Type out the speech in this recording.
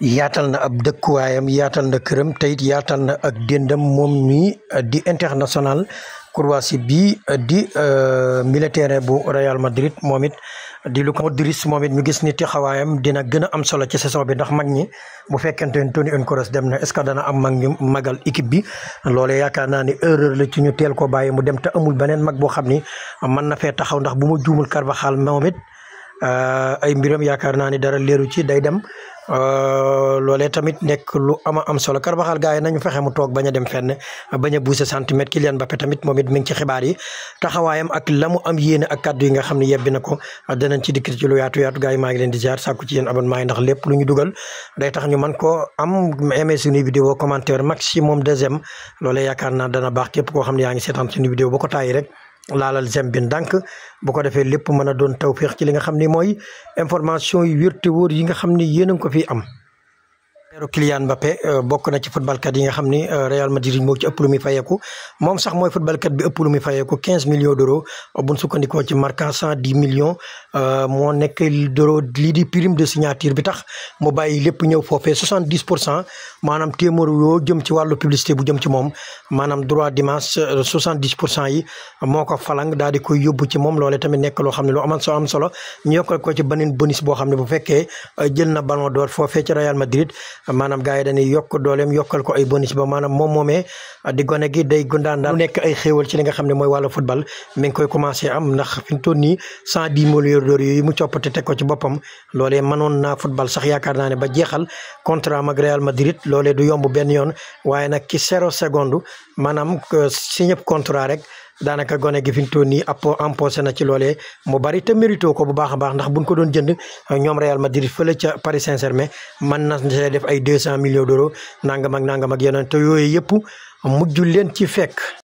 yaatal na ab dëkkuwaayam yaatal na këram te it yaatal na ak déndam moom mi di international Croatie bi di euh, militaire bu Real Madrid moom it di Luka Modrić moom it ñu gis ni taxawaayam dina gën a am solo ci saison bi ndax mag ñi bu fekkente ne Toni Kroos dem na est ce que dana am mag ñu magal équipe bi loolee yaakaar naa ne erreur ci ñu teel ko bàyyi mu dem te amul beneen mag boo xam ni mën na fee taxaw ndax bu ma juumul Carvajal moom it euh, ay mbiram yaakaar naa ni dara leeru ci day dem Euh, loolee tamit nekk lu ama am solo Carvajal gars yi nañu fexe mu toog bañ a dem fenn bañ a buuse centimètre Kylian Mbappé tamit moom it mi ngi ci xibaar yi taxawaayam ak la mu am yéene ak kaddu yi nga xam ne yebbi na ko danañ ci dikk ci lu yaatu yaatu maa ngi leen di ziar sàkku ci yéen abonnement yi ndax lu ñu dugal tax ñu mën koo am aimé suñu vidéo commentaire maximum deuxième loolee yaakaar naa dana baax képp koo xam ne yaa ngi seetaan suñu vidéo ba rek laalal j'aime bi ndànk bu ko defee lépp mën a doon tawféex ci li nga xam ni mooy information yi wér te yi nga xam ni yéen a ko fi am. ba Mbappé euh, bokk na ci footballkat yi nga xam ni euh, Real Madrid moo ci ëpp lu muy fayeeku moom sax mooy footballkat bi ëpp lu muy fayeeku quinze millions d'euros buñ sukkandikoo ci Marca cent dix millions euh, moo nekk d'euros lii di prime de signature bi tax mu bàyyi lépp ñëw foofee soixante dix pour cent maanaam téeméer yoo jëm ci wàllu publicité bu jëm ci moom maanaam droit d'image soixante dix pour cent yi moo ko falang daal di koy yóbbu ci moom loolee tamit nekk loo xam ne lu aman so solo ñu yokkal ko ci beneen bonus boo xam ne bu fekkee jël na ballon d'or foofee ci Real Madrid maanaam gars yi dañuy yokk dooleem yokkal ko ay bonus ba maanaam moom moomee di gone gi day gundaan daal nekk ay xéewal ci li nga xam ne mooy wàllu football mi ngi koy commencé am ndax fi mu toll nii cent dix millions yooyu mu coppate teg ko ci boppam loolee mënoon naa football sax yaakaar naa ne ba jeexal contrat mag Real Madrid loolee du yomb benn yoon waaye nag ci zéro seconde maanaam si euh, signé contrat rek daanaka gone gi fi mu toll nii ap emposé na ci loole mu bari te mérito ko bu baax a baax ndax buñ ko doon jënd ñoom Real Madrid fële ca Paris Saint-Germain mën na see def ay deux cent millions d'euros nangam ak nangam ak yeneen te yooyu yëpp mujjul leen ci fekk.